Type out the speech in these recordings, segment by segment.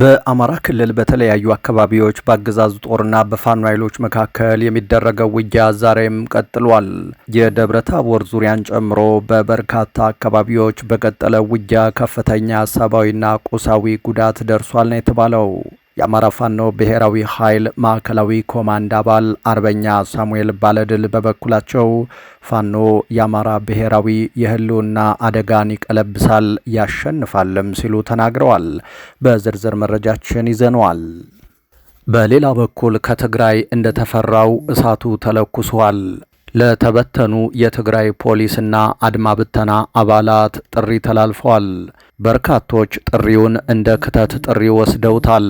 በአማራ ክልል በተለያዩ አካባቢዎች በአገዛዙ ጦርና በፋኖ ኃይሎች መካከል የሚደረገው ውጊያ ዛሬም ቀጥሏል። የደብረ ታቦር ዙሪያን ጨምሮ በበርካታ አካባቢዎች በቀጠለው ውጊያ ከፍተኛ ሰብአዊና ቁሳዊ ጉዳት ደርሷል ነው የተባለው። የአማራ ፋኖ ብሔራዊ ኃይል ማዕከላዊ ኮማንድ አባል አርበኛ ሳሙኤል ባለድል በበኩላቸው ፋኖ የአማራ ብሔራዊ የህልውና አደጋን ይቀለብሳል ያሸንፋልም ሲሉ ተናግረዋል። በዝርዝር መረጃችን ይዘነዋል። በሌላ በኩል ከትግራይ እንደተፈራው እሳቱ ተለኩሷል። ለተበተኑ የትግራይ ፖሊስና አድማ ብተና አባላት ጥሪ ተላልፏል። በርካቶች ጥሪውን እንደ ክተት ጥሪ ወስደውታል።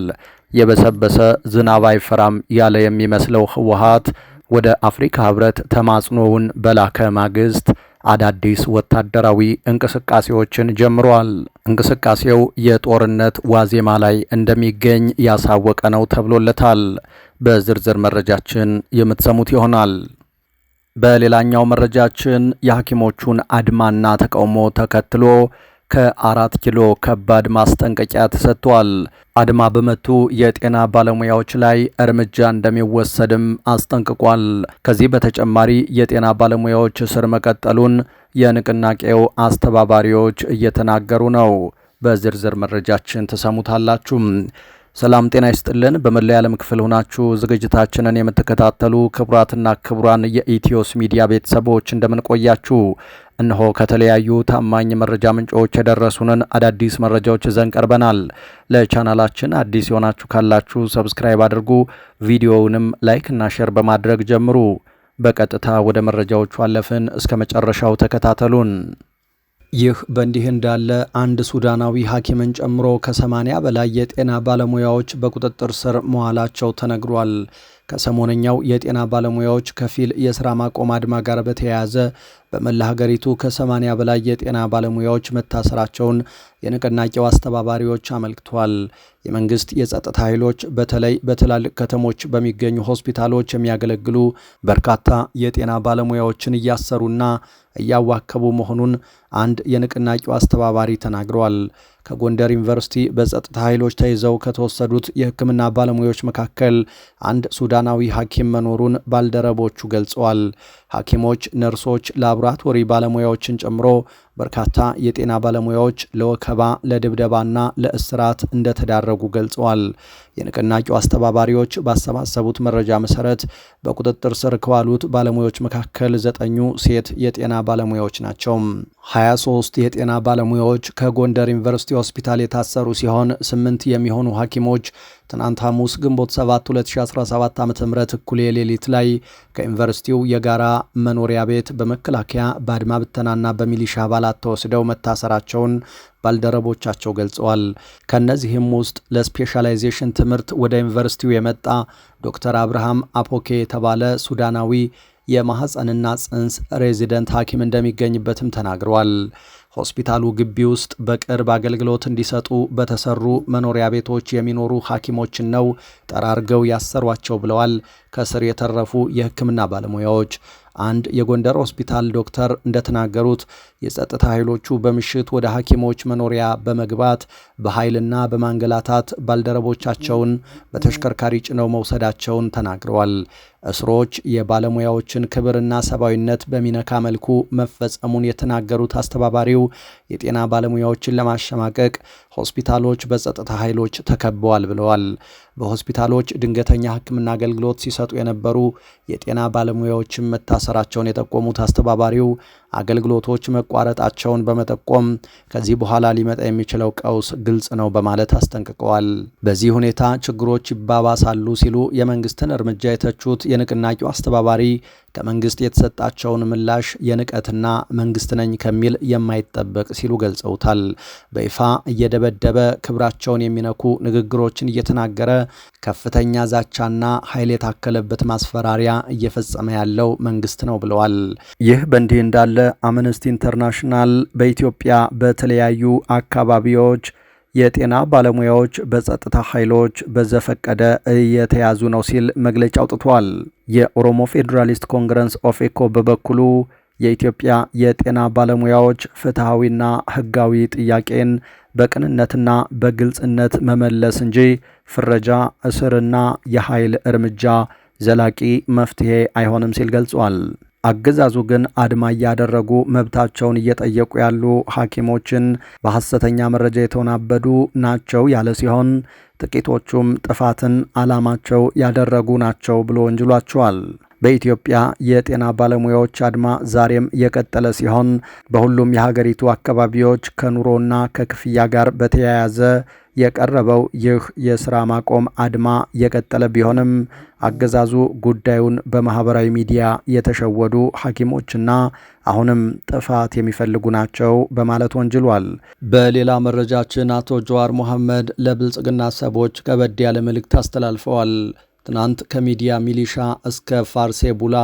የበሰበሰ ዝናብ አይፈራም ያለ የሚመስለው ህወሓት ወደ አፍሪካ ህብረት ተማጽኖውን በላከ ማግስት አዳዲስ ወታደራዊ እንቅስቃሴዎችን ጀምሯል። እንቅስቃሴው የጦርነት ዋዜማ ላይ እንደሚገኝ ያሳወቀ ነው ተብሎለታል። በዝርዝር መረጃችን የምትሰሙት ይሆናል። በሌላኛው መረጃችን የሐኪሞቹን አድማና ተቃውሞ ተከትሎ ከአራት ኪሎ ከባድ ማስጠንቀቂያ ተሰጥቷል። አድማ በመቱ የጤና ባለሙያዎች ላይ እርምጃ እንደሚወሰድም አስጠንቅቋል። ከዚህ በተጨማሪ የጤና ባለሙያዎች እስር መቀጠሉን የንቅናቄው አስተባባሪዎች እየተናገሩ ነው። በዝርዝር መረጃችን ተሰሙታላችሁ። ሰላም ጤና ይስጥልን። በመላው የዓለም ክፍል ሆናችሁ ዝግጅታችንን የምትከታተሉ ክቡራትና ክቡራን የኢትዮስ ሚዲያ ቤተሰቦች እንደምንቆያችሁ፣ እነሆ ከተለያዩ ታማኝ መረጃ ምንጮች የደረሱንን አዳዲስ መረጃዎች ይዘን ቀርበናል። ለቻናላችን አዲስ የሆናችሁ ካላችሁ ሰብስክራይብ አድርጉ፣ ቪዲዮውንም እና ሼር በማድረግ ጀምሩ። በቀጥታ ወደ መረጃዎቹ አለፍን። እስከ መጨረሻው ተከታተሉን። ይህ በእንዲህ እንዳለ አንድ ሱዳናዊ ሐኪምን ጨምሮ ከ ከሰማንያ በላይ የጤና ባለሙያዎች በቁጥጥር ስር መዋላቸው ተነግሯል። ከሰሞነኛው የጤና ባለሙያዎች ከፊል የሥራ ማቆም አድማ ጋር በተያያዘ በመላ ሀገሪቱ ከ80 በላይ የጤና ባለሙያዎች መታሰራቸውን የንቅናቄው አስተባባሪዎች አመልክቷል። የመንግስት የጸጥታ ኃይሎች በተለይ በትላልቅ ከተሞች በሚገኙ ሆስፒታሎች የሚያገለግሉ በርካታ የጤና ባለሙያዎችን እያሰሩና እያዋከቡ መሆኑን አንድ የንቅናቄው አስተባባሪ ተናግረዋል። ከጎንደር ዩኒቨርሲቲ በጸጥታ ኃይሎች ተይዘው ከተወሰዱት የሕክምና ባለሙያዎች መካከል አንድ ሱዳናዊ ሐኪም መኖሩን ባልደረቦቹ ገልጸዋል። ሐኪሞች፣ ነርሶች፣ ላቦራቶሪ ባለሙያዎችን ጨምሮ በርካታ የጤና ባለሙያዎች ለወከባ ለድብደባና ለእስራት እንደተዳረጉ ገልጸዋል። የንቅናቄው አስተባባሪዎች ባሰባሰቡት መረጃ መሰረት በቁጥጥር ስር ከዋሉት ባለሙያዎች መካከል ዘጠኙ ሴት የጤና ባለሙያዎች ናቸው። 23 የጤና ባለሙያዎች ከጎንደር ዩኒቨርሲቲ ሆስፒታል የታሰሩ ሲሆን ስምንት የሚሆኑ ሐኪሞች ትናንት ሐሙስ ግንቦት 7 2017 ዓ ም እኩል ሌሊት ላይ ከዩኒቨርሲቲው የጋራ መኖሪያ ቤት በመከላከያ በአድማ ብተናና በሚሊሻ አባላት ተወስደው መታሰራቸውን ባልደረቦቻቸው ገልጸዋል። ከእነዚህም ውስጥ ለስፔሻላይዜሽን ትምህርት ወደ ዩኒቨርሲቲው የመጣ ዶክተር አብርሃም አፖኬ የተባለ ሱዳናዊ የማህፀንና ጽንስ ሬዚደንት ሐኪም እንደሚገኝበትም ተናግረዋል። ሆስፒታሉ ግቢ ውስጥ በቅርብ አገልግሎት እንዲሰጡ በተሰሩ መኖሪያ ቤቶች የሚኖሩ ሐኪሞችን ነው ጠራርገው ያሰሯቸው ብለዋል ከስር የተረፉ የሕክምና ባለሙያዎች። አንድ የጎንደር ሆስፒታል ዶክተር እንደተናገሩት የጸጥታ ኃይሎቹ በምሽት ወደ ሐኪሞች መኖሪያ በመግባት በኃይልና በማንገላታት ባልደረቦቻቸውን በተሽከርካሪ ጭነው መውሰዳቸውን ተናግረዋል። እስሮች የባለሙያዎችን ክብርና ሰብአዊነት በሚነካ መልኩ መፈጸሙን የተናገሩት አስተባባሪው የጤና ባለሙያዎችን ለማሸማቀቅ ሆስፒታሎች በጸጥታ ኃይሎች ተከበዋል ብለዋል። በሆስፒታሎች ድንገተኛ ሕክምና አገልግሎት ሲሰጡ የነበሩ የጤና ባለሙያዎችም መታሰራቸውን የጠቆሙት አስተባባሪው አገልግሎቶች መቋረጣቸውን በመጠቆም ከዚህ በኋላ ሊመጣ የሚችለው ቀውስ ግልጽ ነው በማለት አስጠንቅቀዋል። በዚህ ሁኔታ ችግሮች ይባባሳሉ ሲሉ የመንግስትን እርምጃ የተቹት የንቅናቄው አስተባባሪ ከመንግስት የተሰጣቸውን ምላሽ የንቀትና መንግስት ነኝ ከሚል የማይጠበቅ ሲሉ ገልጸውታል። በይፋ እየደበደበ ክብራቸውን የሚነኩ ንግግሮችን እየተናገረ ከፍተኛ ዛቻና ኃይል የታከለበት ማስፈራሪያ እየፈጸመ ያለው መንግስት ነው ብለዋል። ይህ በእንዲህ እንዳለ አምነስቲ ኢንተርናሽናል በኢትዮጵያ በተለያዩ አካባቢዎች የጤና ባለሙያዎች በጸጥታ ኃይሎች በዘፈቀደ እየተያዙ ነው ሲል መግለጫ አውጥቷል። የኦሮሞ ፌዴራሊስት ኮንግረስ ኦፌኮ በበኩሉ የኢትዮጵያ የጤና ባለሙያዎች ፍትሐዊና ሕጋዊ ጥያቄን በቅንነትና በግልጽነት መመለስ እንጂ ፍረጃ፣ እስርና የኃይል እርምጃ ዘላቂ መፍትሄ አይሆንም ሲል ገልጿል። አገዛዙ ግን አድማ እያደረጉ መብታቸውን እየጠየቁ ያሉ ሐኪሞችን በሐሰተኛ መረጃ የተወናበዱ ናቸው ያለ ሲሆን ጥቂቶቹም ጥፋትን ዓላማቸው ያደረጉ ናቸው ብሎ ወንጅሏቸዋል። በኢትዮጵያ የጤና ባለሙያዎች አድማ ዛሬም የቀጠለ ሲሆን በሁሉም የሀገሪቱ አካባቢዎች ከኑሮና ከክፍያ ጋር በተያያዘ የቀረበው ይህ የስራ ማቆም አድማ የቀጠለ ቢሆንም አገዛዙ ጉዳዩን በማህበራዊ ሚዲያ የተሸወዱ ሐኪሞችና አሁንም ጥፋት የሚፈልጉ ናቸው በማለት ወንጅሏል። በሌላ መረጃችን አቶ ጀዋር መሐመድ ለብልጽግና ሰቦች ከበድ ያለ መልእክት አስተላልፈዋል። ትናንት ከሚዲያ ሚሊሻ እስከ ፋርሴ ቡላ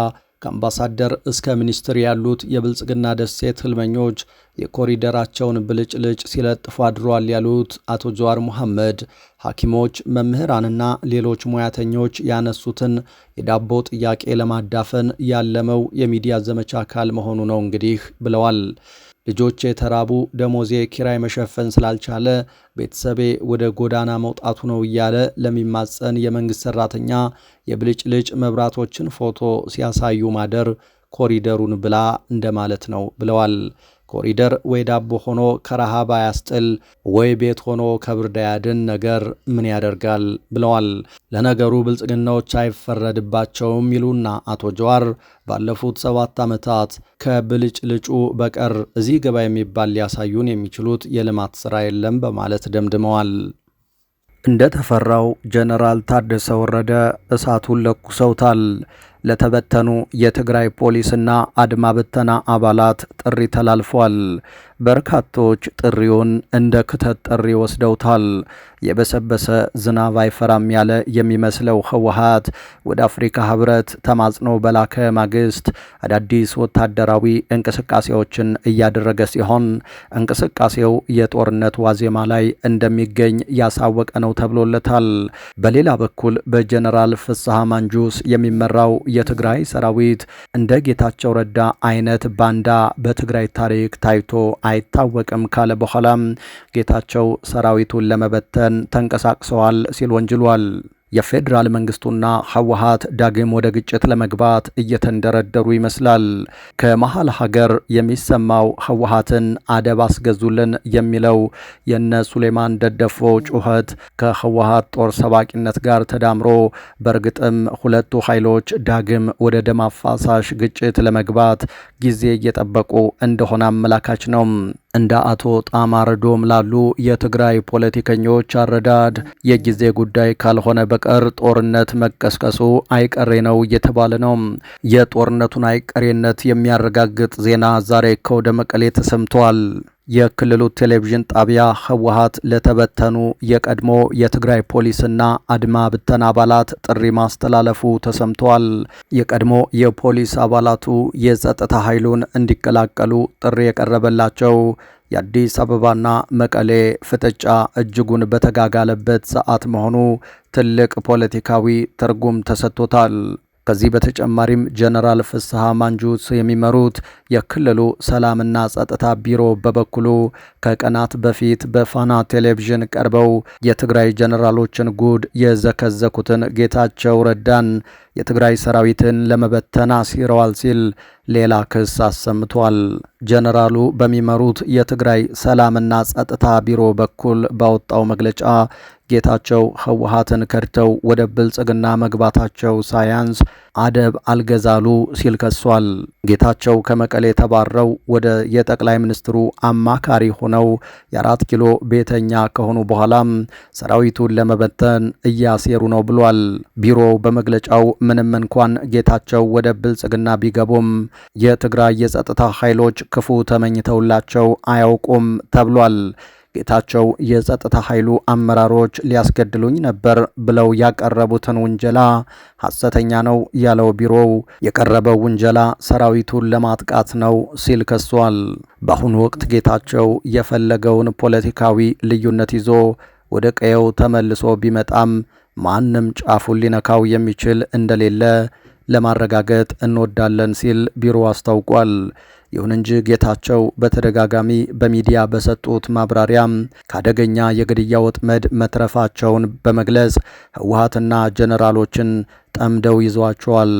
ከአምባሳደር እስከ ሚኒስትር ያሉት የብልጽግና ደሴት ህልመኞች የኮሪደራቸውን ብልጭልጭ ሲለጥፉ አድሯል ያሉት አቶ ጀዋር መሐመድ ሐኪሞች፣ መምህራንና ሌሎች ሙያተኞች ያነሱትን የዳቦ ጥያቄ ለማዳፈን ያለመው የሚዲያ ዘመቻ አካል መሆኑ ነው እንግዲህ ብለዋል። ልጆቼ የተራቡ፣ ደሞዜ ኪራይ መሸፈን ስላልቻለ ቤተሰቤ ወደ ጎዳና መውጣቱ ነው እያለ ለሚማጸን የመንግሥት ሠራተኛ የብልጭልጭ መብራቶችን ፎቶ ሲያሳዩ ማደር ኮሪደሩን ብላ እንደማለት ነው ብለዋል። ኮሪደር ወይ ዳቦ ሆኖ ከረሃብ አያስጥል ወይ ቤት ሆኖ ከብርድ አያድን ነገር ምን ያደርጋል ብለዋል። ለነገሩ ብልጽግናዎች አይፈረድባቸውም ይሉና አቶ ጀዋር ባለፉት ሰባት ዓመታት ከብልጭልጩ በቀር እዚህ ገባ የሚባል ሊያሳዩን የሚችሉት የልማት ሥራ የለም በማለት ደምድመዋል። እንደተፈራው ጀነራል ታደሰ ወረደ እሳቱን ለኩሰውታል። ለተበተኑ የትግራይ ፖሊስና አድማ ብተና አባላት ጥሪ ተላልፏል። በርካቶች ጥሪውን እንደ ክተት ጥሪ ወስደውታል። የበሰበሰ ዝናብ አይፈራም ያለ የሚመስለው ህወሓት ወደ አፍሪካ ህብረት ተማጽኖ በላከ ማግስት አዳዲስ ወታደራዊ እንቅስቃሴዎችን እያደረገ ሲሆን እንቅስቃሴው የጦርነት ዋዜማ ላይ እንደሚገኝ ያሳወቀ ነው ተብሎለታል። በሌላ በኩል በጀነራል ፍስሐ ማንጁስ የሚመራው የትግራይ ሰራዊት እንደ ጌታቸው ረዳ አይነት ባንዳ በትግራይ ታሪክ ታይቶ አይታወቅም ካለ በኋላም ጌታቸው ሰራዊቱን ለመበተን ተንቀሳቅሰዋል ሲል ወንጅሏል። የፌዴራል መንግስቱና ህወሀት ዳግም ወደ ግጭት ለመግባት እየተንደረደሩ ይመስላል። ከመሀል ሀገር የሚሰማው ህወሀትን አደብ አስገዙልን የሚለው የነ ሱሌማን ደደፎ ጩኸት ከህወሀት ጦር ሰባቂነት ጋር ተዳምሮ በእርግጥም ሁለቱ ኃይሎች ዳግም ወደ ደም አፋሳሽ ግጭት ለመግባት ጊዜ እየጠበቁ እንደሆነ አመላካች ነው። እንደ አቶ ጣማ ረዶም ላሉ የትግራይ ፖለቲከኞች አረዳድ የጊዜ ጉዳይ ካልሆነ በ በቀር ጦርነት መቀስቀሱ አይቀሬ ነው እየተባለ ነው። የጦርነቱን አይቀሬነት የሚያረጋግጥ ዜና ዛሬ ከወደ መቀሌ ተሰምቷል። የክልሉ ቴሌቪዥን ጣቢያ ህወሀት ለተበተኑ የቀድሞ የትግራይ ፖሊስና አድማ ብተና አባላት ጥሪ ማስተላለፉ ተሰምተዋል። የቀድሞ የፖሊስ አባላቱ የጸጥታ ኃይሉን እንዲቀላቀሉ ጥሪ የቀረበላቸው የአዲስ አበባና መቀሌ ፍጥጫ እጅጉን በተጋጋለበት ሰዓት መሆኑ ትልቅ ፖለቲካዊ ትርጉም ተሰጥቶታል። ከዚህ በተጨማሪም ጀነራል ፍስሐ ማንጁስ የሚመሩት የክልሉ ሰላምና ጸጥታ ቢሮ በበኩሉ ከቀናት በፊት በፋና ቴሌቪዥን ቀርበው የትግራይ ጀነራሎችን ጉድ የዘከዘኩትን ጌታቸው ረዳን የትግራይ ሰራዊትን ለመበተን አሲረዋል ሲል ሌላ ክስ አሰምቷል። ጀነራሉ በሚመሩት የትግራይ ሰላምና ጸጥታ ቢሮ በኩል ባወጣው መግለጫ ጌታቸው ህወሀትን ከድተው ወደ ብልጽግና መግባታቸው ሳያንስ አደብ አልገዛሉ ሲል ከሷል። ጌታቸው ከመቀሌ ተባረው ወደ የጠቅላይ ሚኒስትሩ አማካሪ ሆነው የአራት ኪሎ ቤተኛ ከሆኑ በኋላም ሰራዊቱን ለመበተን እያሴሩ ነው ብሏል። ቢሮው በመግለጫው ምንም እንኳን ጌታቸው ወደ ብልጽግና ቢገቡም የትግራይ የጸጥታ ኃይሎች ክፉ ተመኝተውላቸው አያውቁም ተብሏል። ጌታቸው የጸጥታ ኃይሉ አመራሮች ሊያስገድሉኝ ነበር ብለው ያቀረቡትን ውንጀላ ሐሰተኛ ነው ያለው ቢሮው የቀረበው ውንጀላ ሰራዊቱን ለማጥቃት ነው ሲል ከሷል። በአሁኑ ወቅት ጌታቸው የፈለገውን ፖለቲካዊ ልዩነት ይዞ ወደ ቀየው ተመልሶ ቢመጣም ማንም ጫፉን ሊነካው የሚችል እንደሌለ ለማረጋገጥ እንወዳለን ሲል ቢሮ አስታውቋል። ይሁን እንጂ ጌታቸው በተደጋጋሚ በሚዲያ በሰጡት ማብራሪያ ከአደገኛ የግድያ ወጥመድ መትረፋቸውን በመግለጽ ህወሀትና ጀነራሎችን ጠምደው ይዟቸዋል።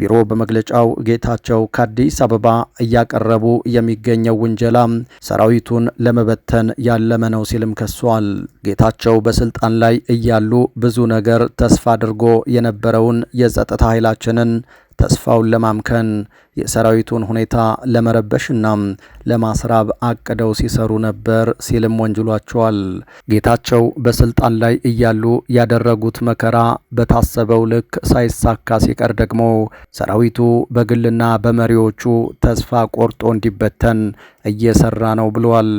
ቢሮ በመግለጫው ጌታቸው ከአዲስ አበባ እያቀረቡ የሚገኘው ውንጀላ ሰራዊቱን ለመበተን ያለመ ነው ሲልም ከሷል። ጌታቸው በስልጣን ላይ እያሉ ብዙ ነገር ተስፋ አድርጎ የነበረውን የጸጥታ ኃይላችንን ተስፋውን ለማምከን የሰራዊቱን ሁኔታ ለመረበሽና ለማስራብ አቅደው ሲሰሩ ነበር ሲልም ወንጅሏቸዋል። ጌታቸው በስልጣን ላይ እያሉ ያደረጉት መከራ በታሰበው ልክ ሳይሳካ ሲቀር ደግሞ ሰራዊቱ በግልና በመሪዎቹ ተስፋ ቆርጦ እንዲበተን እየሰራ ነው ብለዋል።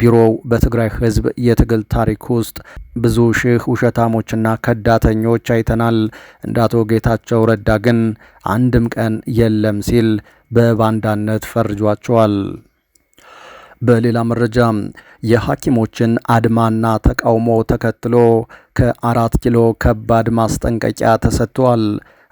ቢሮው በትግራይ ህዝብ የትግል ታሪክ ውስጥ ብዙ ሺህ ውሸታሞችና ከዳተኞች አይተናል። እንደ አቶ ጌታቸው ረዳ ግን አንድም ቀን የለም ሲል በባንዳነት ፈርጇቸዋል። በሌላ መረጃ የሐኪሞችን አድማና ተቃውሞ ተከትሎ ከአራት ኪሎ ከባድ ማስጠንቀቂያ ተሰጥቷል።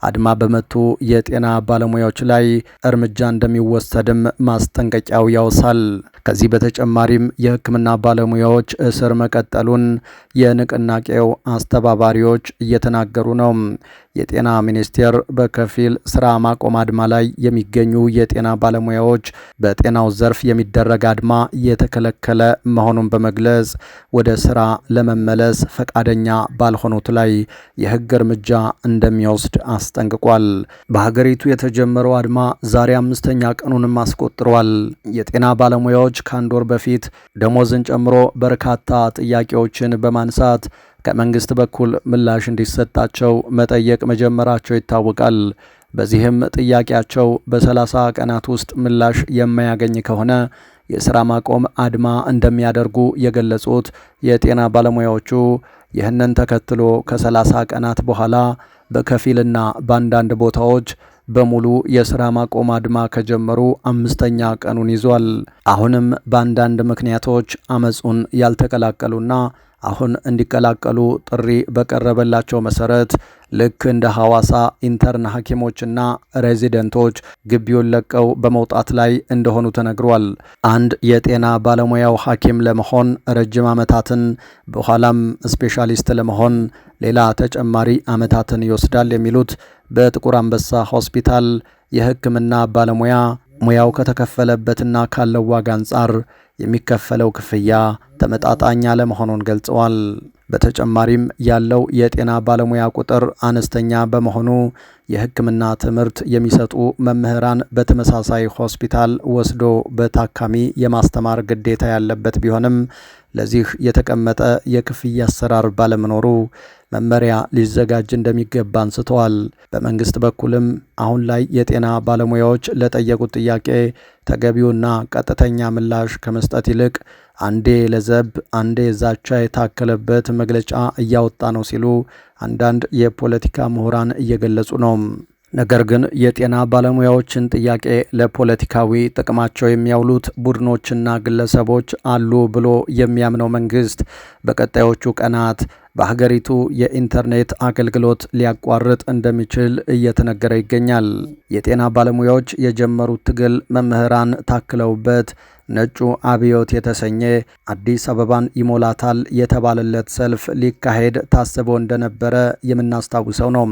አድማ በመቱ የጤና ባለሙያዎች ላይ እርምጃ እንደሚወሰድም ማስጠንቀቂያው ያውሳል። ከዚህ በተጨማሪም የሕክምና ባለሙያዎች እስር መቀጠሉን የንቅናቄው አስተባባሪዎች እየተናገሩ ነው። የጤና ሚኒስቴር በከፊል ስራ ማቆም አድማ ላይ የሚገኙ የጤና ባለሙያዎች በጤናው ዘርፍ የሚደረግ አድማ እየተከለከለ መሆኑን በመግለጽ ወደ ስራ ለመመለስ ፈቃደኛ ባልሆኑት ላይ የህግ እርምጃ እንደሚወስድ አስጠንቅቋል። በሀገሪቱ የተጀመረው አድማ ዛሬ አምስተኛ ቀኑንም አስቆጥሯል። የጤና ባለሙያዎች ከአንድ ወር በፊት ደሞዝን ጨምሮ በርካታ ጥያቄዎችን በማንሳት ከመንግስት በኩል ምላሽ እንዲሰጣቸው መጠየቅ መጀመራቸው ይታወቃል። በዚህም ጥያቄያቸው በሰላሳ ቀናት ውስጥ ምላሽ የማያገኝ ከሆነ የሥራ ማቆም አድማ እንደሚያደርጉ የገለጹት የጤና ባለሙያዎቹ ይህንን ተከትሎ ከሰላሳ ቀናት በኋላ በከፊልና በአንዳንድ ቦታዎች በሙሉ የስራ ማቆም አድማ ከጀመሩ አምስተኛ ቀኑን ይዟል። አሁንም በአንዳንድ ምክንያቶች አመፁን ያልተቀላቀሉና አሁን እንዲቀላቀሉ ጥሪ በቀረበላቸው መሰረት ልክ እንደ ሐዋሳ ኢንተርን ሐኪሞችና ሬዚደንቶች ግቢውን ለቀው በመውጣት ላይ እንደሆኑ ተነግሯል። አንድ የጤና ባለሙያው ሐኪም ለመሆን ረጅም ዓመታትን በኋላም ስፔሻሊስት ለመሆን ሌላ ተጨማሪ ዓመታትን ይወስዳል የሚሉት በጥቁር አንበሳ ሆስፒታል የሕክምና ባለሙያ ሙያው ከተከፈለበትና ካለው ዋጋ አንጻር የሚከፈለው ክፍያ ተመጣጣኝ አለመሆኑን ገልጸዋል። በተጨማሪም ያለው የጤና ባለሙያ ቁጥር አነስተኛ በመሆኑ የህክምና ትምህርት የሚሰጡ መምህራን በተመሳሳይ ሆስፒታል ወስዶ በታካሚ የማስተማር ግዴታ ያለበት ቢሆንም ለዚህ የተቀመጠ የክፍያ አሰራር ባለመኖሩ መመሪያ ሊዘጋጅ እንደሚገባ አንስተዋል። በመንግስት በኩልም አሁን ላይ የጤና ባለሙያዎች ለጠየቁት ጥያቄ ተገቢውና ቀጥተኛ ምላሽ ከመስጠት ይልቅ አንዴ ለዘብ አንዴ ዛቻ የታከለበት መግለጫ እያወጣ ነው ሲሉ አንዳንድ የፖለቲካ ምሁራን እየገለጹ ነው። ነገር ግን የጤና ባለሙያዎችን ጥያቄ ለፖለቲካዊ ጥቅማቸው የሚያውሉት ቡድኖችና ግለሰቦች አሉ ብሎ የሚያምነው መንግስት በቀጣዮቹ ቀናት በሀገሪቱ የኢንተርኔት አገልግሎት ሊያቋርጥ እንደሚችል እየተነገረ ይገኛል። የጤና ባለሙያዎች የጀመሩት ትግል መምህራን ታክለውበት ነጩ አብዮት የተሰኘ አዲስ አበባን ይሞላታል የተባለለት ሰልፍ ሊካሄድ ታስቦ እንደነበረ የምናስታውሰው ነው።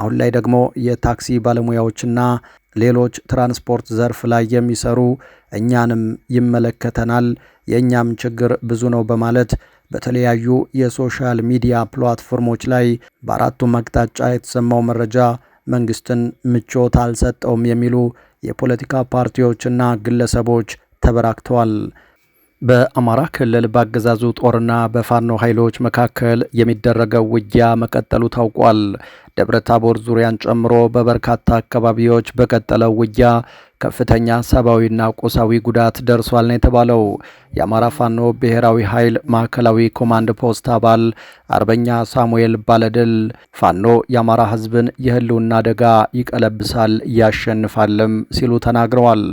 አሁን ላይ ደግሞ የታክሲ ባለሙያዎችና ሌሎች ትራንስፖርት ዘርፍ ላይ የሚሰሩ እኛንም ይመለከተናል፣ የእኛም ችግር ብዙ ነው በማለት በተለያዩ የሶሻል ሚዲያ ፕላትፎርሞች ላይ በአራቱም አቅጣጫ የተሰማው መረጃ መንግስትን ምቾት አልሰጠውም የሚሉ የፖለቲካ ፓርቲዎችና ግለሰቦች ተበራክተዋል። በአማራ ክልል በአገዛዙ ጦርና በፋኖ ኃይሎች መካከል የሚደረገው ውጊያ መቀጠሉ ታውቋል። ደብረ ታቦር ዙሪያን ጨምሮ በበርካታ አካባቢዎች በቀጠለው ውጊያ ከፍተኛ ሰብአዊና ቁሳዊ ጉዳት ደርሷል ነው የተባለው። የአማራ ፋኖ ብሔራዊ ኃይል ማዕከላዊ ኮማንድ ፖስት አባል አርበኛ ሳሙኤል ባለድል ፋኖ የአማራ ሕዝብን የህልውና አደጋ ይቀለብሳል ያሸንፋልም ሲሉ ተናግረዋል።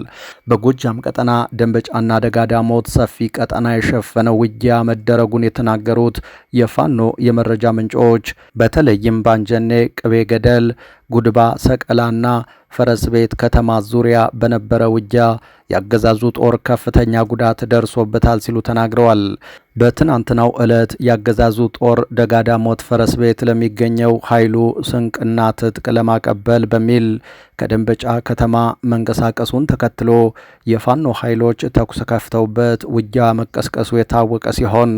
በጎጃም ቀጠና ደንበጫና ደጋ ዳሞት ሰፊ ቀጠና የሸፈነው ውጊያ መደረጉን የተናገሩት የፋኖ የመረጃ ምንጮች በተለይም ባንጀኔ ቅቤ ገደል፣ ጉድባ ሰቀላና ፈረስ ቤት ከተማ ዙሪያ በነበረ ውጊያ ያገዛዙ ጦር ከፍተኛ ጉዳት ደርሶበታል ሲሉ ተናግረዋል። በትናንትናው ዕለት ያገዛዙ ጦር ደጋዳሞት ፈረስ ቤት ለሚገኘው ኃይሉ ስንቅና ትጥቅ ለማቀበል በሚል ከደንበጫ ከተማ መንቀሳቀሱን ተከትሎ የፋኖ ኃይሎች ተኩስ ከፍተውበት ውጊያ መቀስቀሱ የታወቀ ሲሆን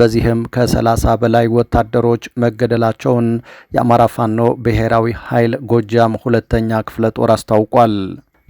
በዚህም ከ ከ30 በላይ ወታደሮች መገደላቸውን የአማራ ፋኖ ብሔራዊ ኃይል ጎጃም ሁለተኛ ክፍለ ጦር አስታውቋል።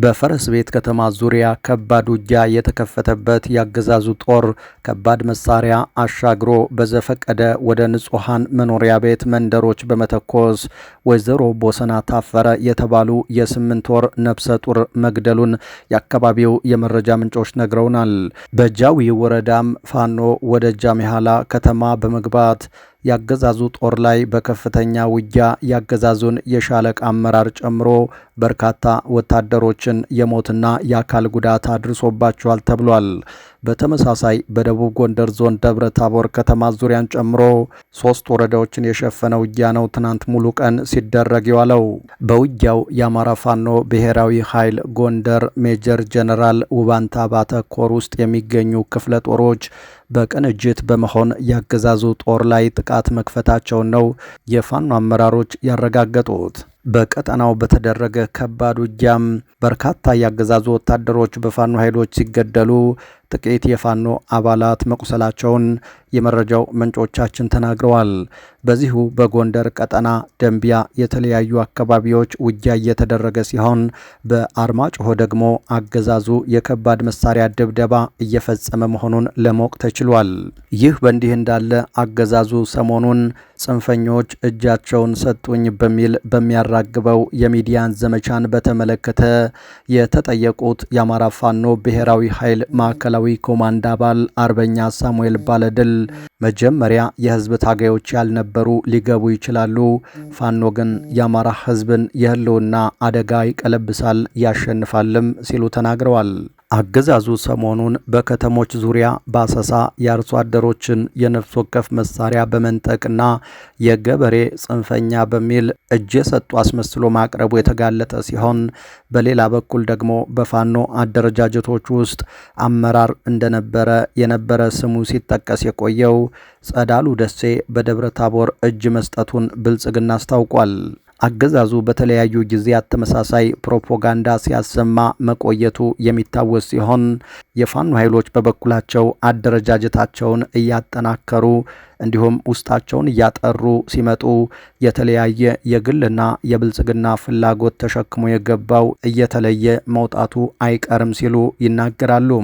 በፈረስ ቤት ከተማ ዙሪያ ከባድ ውጊያ የተከፈተበት ያገዛዙ ጦር ከባድ መሳሪያ አሻግሮ በዘፈቀደ ወደ ንጹሐን መኖሪያ ቤት መንደሮች በመተኮስ ወይዘሮ ቦሰና ታፈረ የተባሉ የስምንት ወር ነፍሰ ጡር መግደሉን የአካባቢው የመረጃ ምንጮች ነግረውናል። በጃዊ ወረዳም ፋኖ ወደ ጃሜሃላ ከተማ በመግባት የአገዛዙ ጦር ላይ በከፍተኛ ውጊያ የአገዛዙን የሻለቃ አመራር ጨምሮ በርካታ ወታደሮችን የሞትና የአካል ጉዳት አድርሶባቸዋል ተብሏል። በተመሳሳይ በደቡብ ጎንደር ዞን ደብረ ታቦር ከተማ ዙሪያን ጨምሮ ሶስት ወረዳዎችን የሸፈነ ውጊያ ነው ትናንት ሙሉ ቀን ሲደረግ የዋለው። በውጊያው የአማራ ፋኖ ብሔራዊ ኃይል ጎንደር ሜጀር ጀነራል ውባንታ ባተኮር ውስጥ የሚገኙ ክፍለ ጦሮች በቅንጅት በመሆን ያገዛዙ ጦር ላይ ጥቃት መክፈታቸውን ነው የፋኖ አመራሮች ያረጋገጡት። በቀጠናው በተደረገ ከባድ ውጊያም በርካታ ያገዛዙ ወታደሮች በፋኖ ኃይሎች ሲገደሉ ጥቂት የፋኖ አባላት መቁሰላቸውን የመረጃው ምንጮቻችን ተናግረዋል። በዚሁ በጎንደር ቀጠና ደንቢያ የተለያዩ አካባቢዎች ውጊያ እየተደረገ ሲሆን በአርማጭሆ ደግሞ አገዛዙ የከባድ መሳሪያ ድብደባ እየፈጸመ መሆኑን ለማወቅ ተችሏል። ይህ በእንዲህ እንዳለ አገዛዙ ሰሞኑን ጽንፈኞች እጃቸውን ሰጡኝ በሚል በሚያራግበው የሚዲያን ዘመቻን በተመለከተ የተጠየቁት የአማራ ፋኖ ብሔራዊ ኃይል ማዕከላዊ ማዕከላዊ ኮማንድ አባል አርበኛ ሳሙኤል ባለድል መጀመሪያ የህዝብ ታጋዮች ያልነበሩ ሊገቡ ይችላሉ። ፋኖ ግን የአማራ ህዝብን የህልውና አደጋ ይቀለብሳል ያሸንፋልም ሲሉ ተናግረዋል። አገዛዙ ሰሞኑን በከተሞች ዙሪያ በአሰሳ የአርሶ አደሮችን የነፍስ ወከፍ መሳሪያ በመንጠቅና የገበሬ ጽንፈኛ በሚል እጅ የሰጡ አስመስሎ ማቅረቡ የተጋለጠ ሲሆን፣ በሌላ በኩል ደግሞ በፋኖ አደረጃጀቶች ውስጥ አመራር እንደነበረ የነበረ ስሙ ሲጠቀስ የቆየው ጸዳሉ ደሴ በደብረ ታቦር እጅ መስጠቱን ብልጽግና አስታውቋል። አገዛዙ በተለያዩ ጊዜያት ተመሳሳይ ፕሮፓጋንዳ ሲያሰማ መቆየቱ የሚታወስ ሲሆን የፋኖ ኃይሎች በበኩላቸው አደረጃጀታቸውን እያጠናከሩ እንዲሁም ውስጣቸውን እያጠሩ ሲመጡ የተለያየ የግልና የብልጽግና ፍላጎት ተሸክሞ የገባው እየተለየ መውጣቱ አይቀርም ሲሉ ይናገራሉ።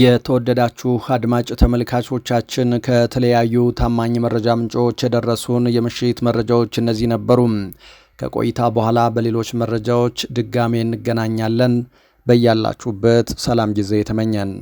የተወደዳችሁ አድማጭ ተመልካቾቻችን ከተለያዩ ታማኝ መረጃ ምንጮች የደረሱን የምሽት መረጃዎች እነዚህ ነበሩ። ከቆይታ በኋላ በሌሎች መረጃዎች ድጋሜ እንገናኛለን። በያላችሁበት ሰላም ጊዜ የተመኘን